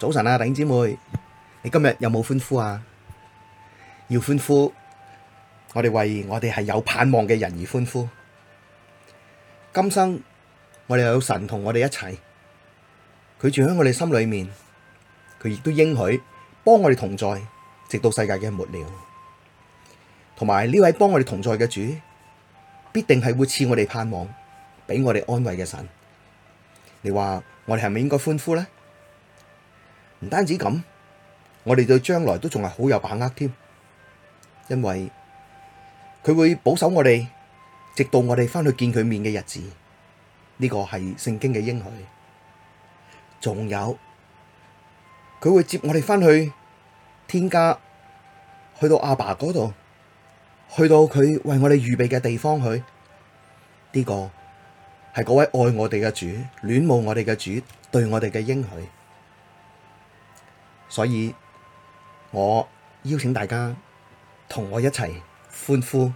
早晨啊，弟兄姊妹，你今日有冇歡呼啊？要歡呼，我哋為我哋係有盼望嘅人而歡呼。今生我哋有神同我哋一齊，佢住喺我哋心裏面，佢亦都應許幫我哋同在，直到世界嘅末了。同埋呢位幫我哋同在嘅主，必定係會賜我哋盼望，俾我哋安慰嘅神。你話我哋係咪應該歡呼呢？唔單止咁，我哋對將來都仲係好有把握添，因為佢會保守我哋，直到我哋翻去見佢面嘅日子，呢個係聖經嘅應許。仲有，佢會接我哋翻去天家，去到阿爸嗰度，去到佢為我哋預備嘅地方去，呢個係嗰位愛我哋嘅主、戀慕我哋嘅主對我哋嘅應許。所以，我邀請大家同我一齊歡呼，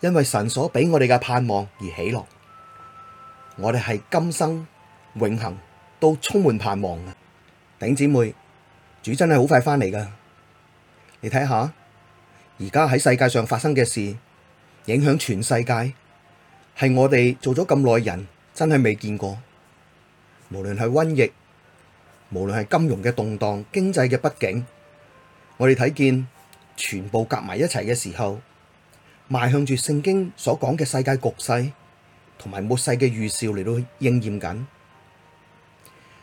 因為神所俾我哋嘅盼望而喜樂。我哋係今生永恆都充滿盼望嘅。頂姊妹，主真係好快返嚟㗎！你睇下，而家喺世界上發生嘅事，影響全世界，係我哋做咗咁耐人真係未見過。無論係瘟疫。無論係金融嘅動蕩、經濟嘅不景，我哋睇見全部夾埋一齊嘅時候，邁向住聖經所講嘅世界局勢同埋末世嘅預兆嚟到應驗緊，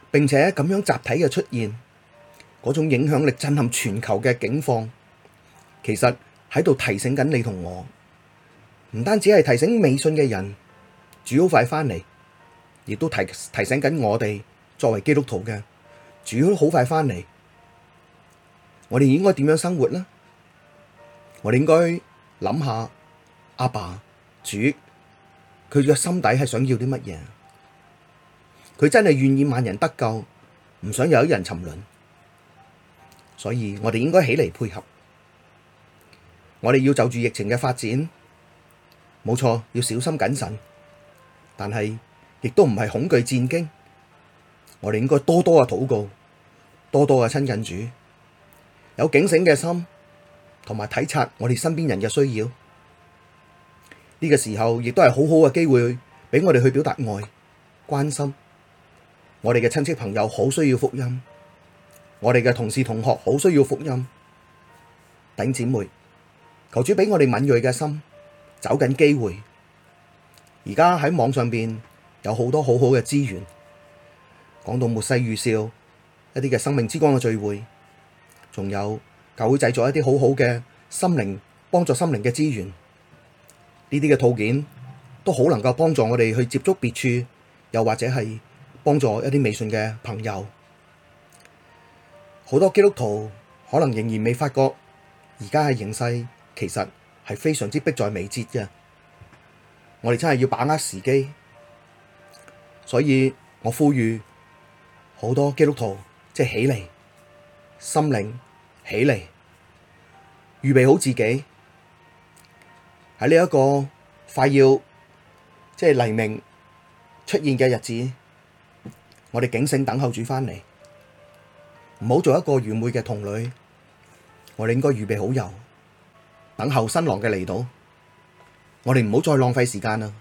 並且咁樣集體嘅出現，嗰種影響力震撼全球嘅境況，其實喺度提醒緊你同我，唔單止係提醒未信嘅人主要快翻嚟，亦都提提醒緊我哋作為基督徒嘅。主好快翻嚟，我哋應該點樣生活呢？我哋應該諗下阿爸，爸，主佢嘅心底係想要啲乜嘢？佢真係願意萬人得救，唔想有一人沉淪，所以我哋應該起嚟配合。我哋要就住疫情嘅發展，冇錯，要小心謹慎，但係亦都唔係恐懼戰驚。我哋應該多多啊禱告。多多嘅親近主，有警醒嘅心，同埋體察我哋身邊人嘅需要。呢、這個時候亦都係好好嘅機會，俾我哋去表達愛、關心。我哋嘅親戚朋友好需要福音，我哋嘅同事同學好需要福音。頂姐妹，求主俾我哋敏銳嘅心，走緊機會。而家喺網上邊有很多很好多好好嘅資源，講到末世預兆。一啲嘅生命之光嘅聚會，仲有教會製造一啲好好嘅心靈幫助心靈嘅資源，呢啲嘅套件都好能夠幫助我哋去接觸別處，又或者係幫助一啲未信嘅朋友。好多基督徒可能仍然未發覺，而家嘅形勢其實係非常之迫在眉睫嘅。我哋真係要把握時機，所以我呼籲好多基督徒。即係起嚟，心靈起嚟，預備好自己喺呢一個快要即係黎明出現嘅日子，我哋警醒等候主翻嚟，唔好做一個愚昧嘅童女，我哋應該預備好油，等候新郎嘅嚟到，我哋唔好再浪費時間啦，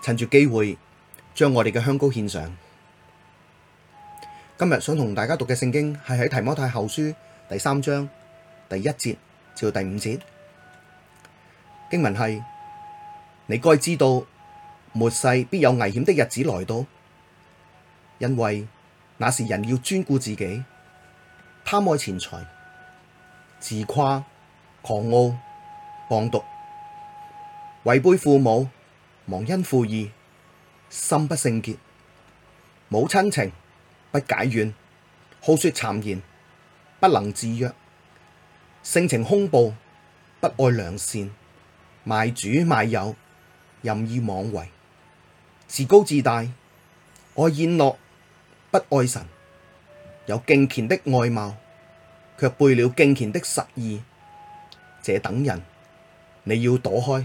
趁住機會將我哋嘅香膏獻上。今日想同大家讀嘅聖經係喺提摩太後書第三章第一節至第五節經文係：你該知道末世必有危險的日子來到，因為那時人要專顧自己，貪愛錢財，自誇、狂傲、謗讟，違背父母，忘恩負義，心不聖潔，冇親情。不解怨，好說讒言，不能自約，性情兇暴，不愛良善，賣主賣友，任意妄為，自高自大，愛宴樂，不愛神，有敬虔的外貌，卻背了敬虔的實意，這等人你要躲開。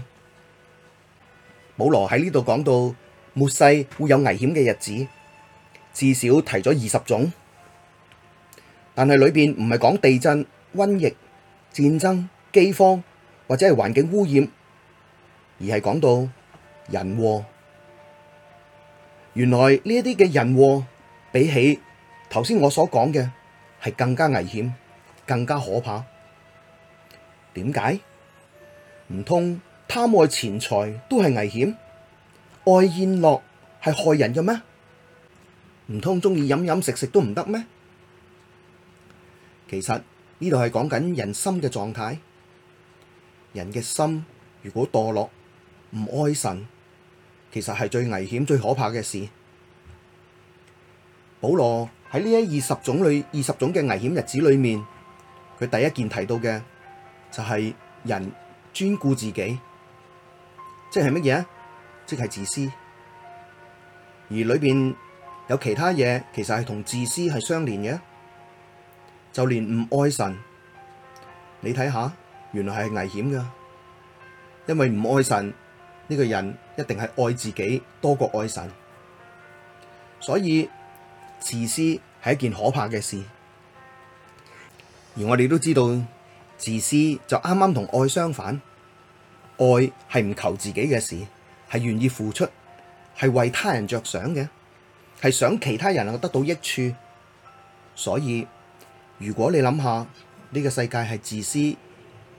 保羅喺呢度講到末世會有危險嘅日子。至少提咗二十種，但係裏邊唔係講地震、瘟疫、戰爭、饑荒或者係環境污染，而係講到人禍。原來呢一啲嘅人禍比起頭先我所講嘅係更加危險、更加可怕。點解？唔通貪愛錢財都係危險，愛宴樂係害人嘅咩？唔通中意飲飲食食都唔得咩？其實呢度係講緊人心嘅狀態。人嘅心如果墮落，唔愛神，其實係最危險、最可怕嘅事。保羅喺呢一二十種裏、二十種嘅危險日子裏面，佢第一件提到嘅就係人專顧自己，即係乜嘢？即係自私。而裏面。有其他嘢，其實係同自私係相連嘅。就連唔愛神，你睇下，原來係危險嘅，因為唔愛神呢個人一定係愛自己多過愛神，所以自私係一件可怕嘅事。而我哋都知道，自私就啱啱同愛相反，愛係唔求自己嘅事，係願意付出，係為他人着想嘅。係想其他人能夠得到益處，所以如果你諗下呢個世界係自私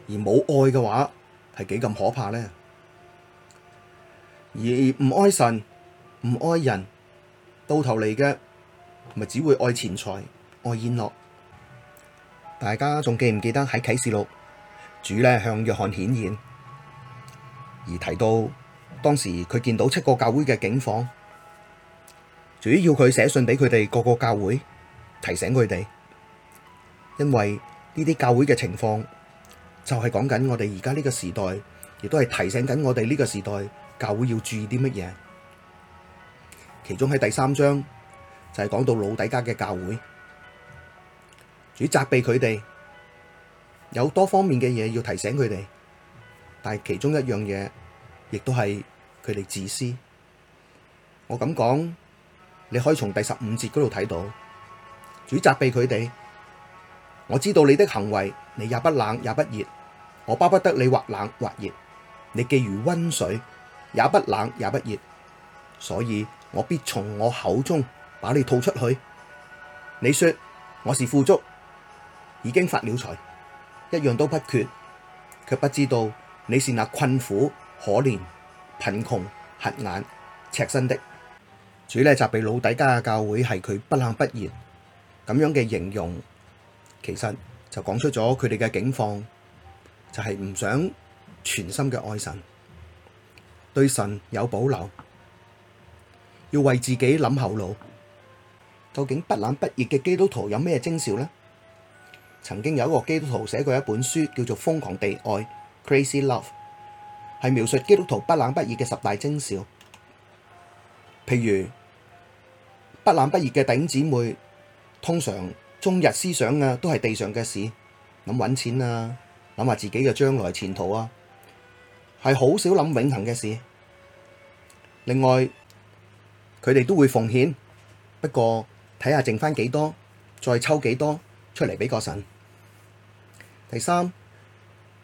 而冇愛嘅話，係幾咁可怕呢？而唔愛神、唔愛人，到頭嚟嘅咪只會愛錢財、愛宴樂。大家仲記唔記得喺啟示錄，主咧向約翰顯現而提到，當時佢見到七個教會嘅景況。主要佢寫信俾佢哋各個教會，提醒佢哋，因為呢啲教會嘅情況就係講緊我哋而家呢個時代，亦都係提醒緊我哋呢個時代教會要注意啲乜嘢。其中喺第三章就係講到老底嘉嘅教會，主要責備佢哋有多方面嘅嘢要提醒佢哋，但係其中一樣嘢亦都係佢哋自私。我咁講。你可以從第十五節嗰度睇到，主責備佢哋。我知道你的行為，你也不冷也不熱，我巴不得你或冷或熱，你既如溫水，也不冷也不熱，所以我必從我口中把你吐出去。你說我是富足，已經發了財，一樣都不缺，卻不知道你是那困苦、可憐、貧窮、瞎眼、赤身的。主要咧，就俾老底加嘅教會係佢不冷不熱咁樣嘅形容，其實就講出咗佢哋嘅境況，就係唔想全心嘅愛神，對神有保留，要為自己諗後路。究竟不冷不熱嘅基督徒有咩徵兆呢？曾經有一個基督徒寫過一本書，叫做《瘋狂地愛》（Crazy Love），係描述基督徒不冷不熱嘅十大徵兆，譬如。不冷不熱嘅弟兄姊妹，通常中日思想啊，都係地上嘅事，諗搵錢啊，諗下自己嘅將來前途啊，係好少諗永恆嘅事。另外，佢哋都會奉獻，不過睇下剩翻幾多，再抽幾多出嚟俾個神。第三，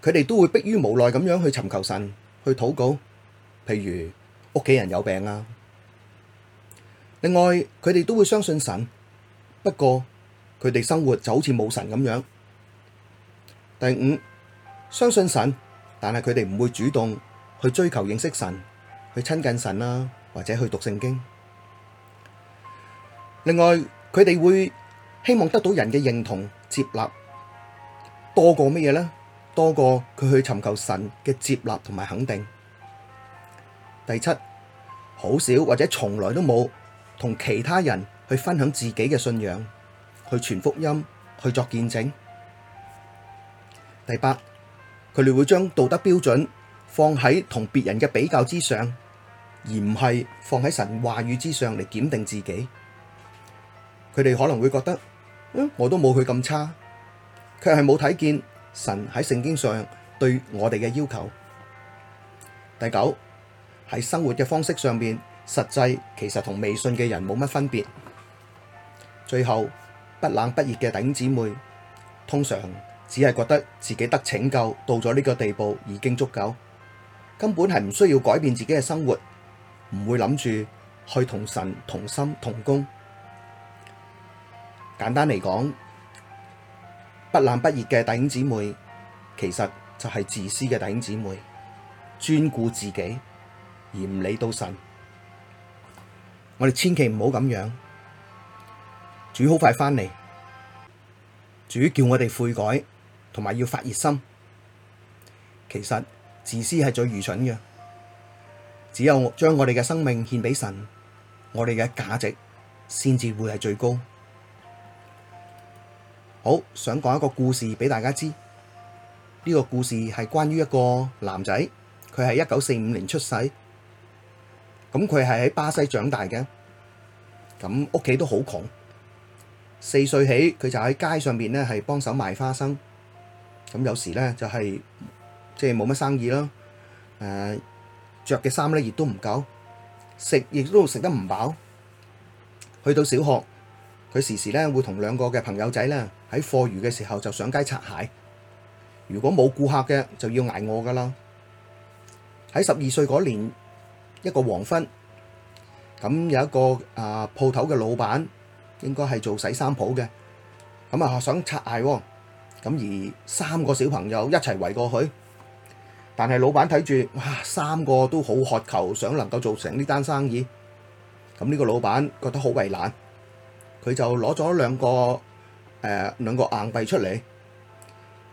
佢哋都會迫於無奈咁樣去尋求神去禱告，譬如屋企人有病啊。另外，佢哋都會相信神，不過佢哋生活就好似冇神咁樣。第五，相信神，但係佢哋唔會主動去追求認識神，去親近神啦，或者去讀聖經。另外，佢哋會希望得到人嘅認同接納，多過乜嘢呢？多過佢去尋求神嘅接納同埋肯定。第七，好少或者從來都冇，同其他人去分享自己嘅信仰，去傳福音，去作見證。第八，佢哋會將道德標準放喺同別人嘅比較之上，而唔係放喺神話語之上嚟檢定自己。佢哋可能會覺得，嗯，我都冇佢咁差，卻係冇睇見神喺聖經上對我哋嘅要求。第九，喺生活嘅方式上面。實際其實同未信嘅人冇乜分別。最後，不冷不熱嘅弟兄姊妹，通常只係覺得自己得拯救到咗呢個地步已經足夠，根本係唔需要改變自己嘅生活，唔會諗住去同神同心同工。簡單嚟講，不冷不熱嘅弟兄姊妹其實就係自私嘅弟兄姊妹，專顧自己而唔理到神。我哋千祈唔好咁樣，主好快翻嚟，主叫我哋悔改，同埋要發熱心。其實自私係最愚蠢嘅，只有將我哋嘅生命獻畀神，我哋嘅價值先至會係最高。好，想講一個故事俾大家知，呢個故事係關於一個男仔，佢係一九四五年出世。咁佢係喺巴西長大嘅，咁屋企都好窮，四歲起佢就喺街上面咧係幫手賣花生，咁有時咧就係即係冇乜生意啦，誒着嘅衫咧亦都唔夠，食亦都食得唔飽，去到小學佢時時咧會同兩個嘅朋友仔咧喺課餘嘅時候就上街擦鞋，如果冇顧客嘅就要挨餓噶啦，喺十二歲嗰年。一個黃昏，咁有一個啊鋪、呃、頭嘅老闆，應該係做洗衫鋪嘅，咁啊想拆捱喎、哦，咁而三個小朋友一齊圍過去，但係老闆睇住，哇，三個都好渴求，想能夠做成呢單生意，咁呢個老闆覺得好為難，佢就攞咗兩個誒、呃、兩個硬幣出嚟，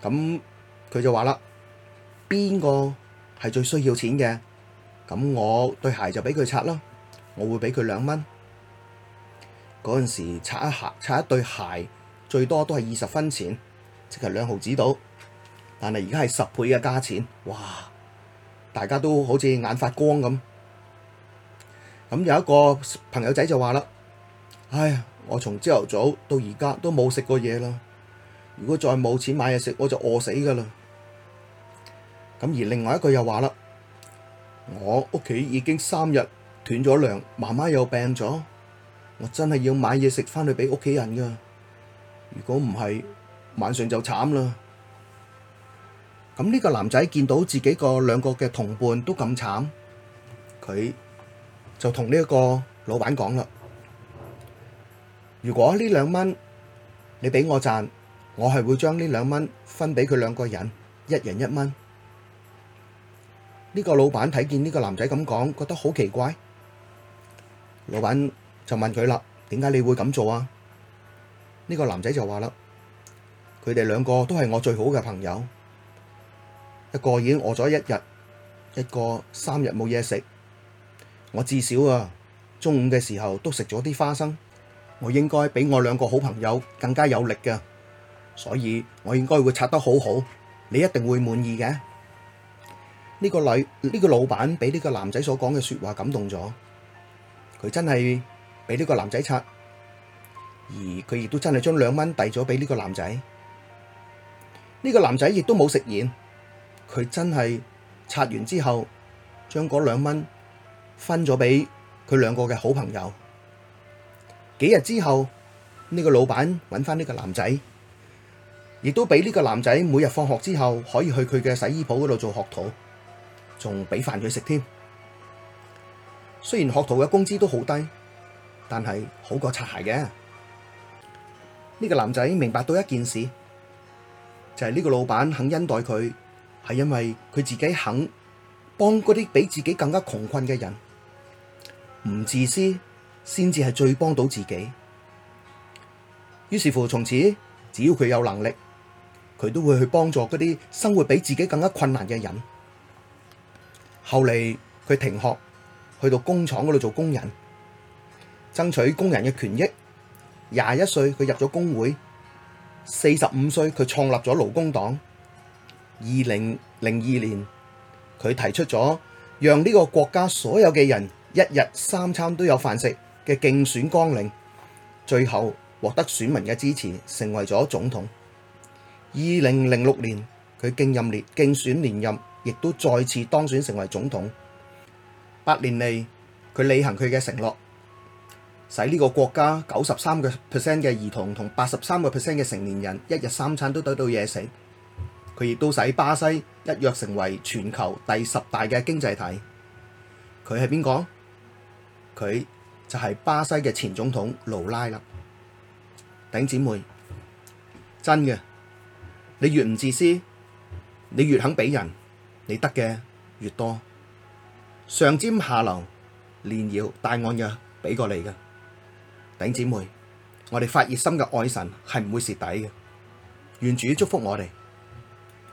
咁佢就話啦，邊個係最需要錢嘅？咁我對鞋就俾佢擦啦，我會俾佢兩蚊。嗰陣時擦一下擦一對鞋，最多都係二十分錢，即係兩毫紙到。但係而家係十倍嘅價錢，哇！大家都好似眼發光咁。咁有一個朋友仔就話啦：哎呀，我從朝頭早到而家都冇食過嘢啦。如果再冇錢買嘢食，我就餓死噶啦。咁而另外一個又話啦。我屋企已經三日斷咗糧，媽媽又病咗，我真係要買嘢食翻去俾屋企人噶。如果唔係，晚上就慘啦。咁呢個男仔見到自己個兩個嘅同伴都咁慘，佢就同呢一個老闆講啦：如果呢兩蚊你俾我賺，我係會將呢兩蚊分俾佢兩個人，一人一蚊。呢個老闆睇見呢個男仔咁講，覺得好奇怪。老闆就問佢啦，點解你會咁做啊？呢個男仔就話啦，佢哋兩個都係我最好嘅朋友，一個已經餓咗一日，一個三日冇嘢食。我至少啊，中午嘅時候都食咗啲花生，我應該比我兩個好朋友更加有力嘅，所以我應該會拆得好好，你一定會滿意嘅。呢個女，呢個老闆俾呢個男仔所講嘅說話感動咗，佢真係俾呢個男仔拆，而佢亦都真係將兩蚊遞咗俾呢個男仔。呢個男仔亦都冇食言，佢真係拆完之後，將嗰兩蚊分咗俾佢兩個嘅好朋友。幾日之後，呢個老闆搵返呢個男仔，亦都俾呢個男仔每日放學之後可以去佢嘅洗衣鋪嗰度做學徒。仲俾飯佢食添，雖然學徒嘅工資都好低，但係好過擦鞋嘅。呢、這個男仔明白到一件事，就係、是、呢個老闆肯恩待佢，係因為佢自己肯幫嗰啲比自己更加窮困嘅人，唔自私，先至係最幫到自己。於是乎從，從此只要佢有能力，佢都會去幫助嗰啲生活比自己更加困難嘅人。後嚟佢停學，去到工廠嗰度做工人，爭取工人嘅權益。廿一歲佢入咗工會，四十五歲佢創立咗勞工黨。二零零二年佢提出咗讓呢個國家所有嘅人一日三餐都有飯食嘅競選綱領，最後獲得選民嘅支持，成為咗總統。二零零六年佢競選連任，競選連任。亦都再次當選成為總統，八年嚟佢履行佢嘅承諾，使呢個國家九十三個 percent 嘅兒童同八十三個 percent 嘅成年人一日三餐都得到嘢食。佢亦都使巴西一躍成為全球第十大嘅經濟體。佢係邊個？佢就係巴西嘅前總統盧拉啦。頂姊妹，真嘅，你越唔自私，你越肯俾人。你得嘅越多，上尖下流、連搖帶按嘅畀過你嘅，頂姊妹，我哋發熱心嘅愛神係唔會蝕底嘅，願主祝福我哋。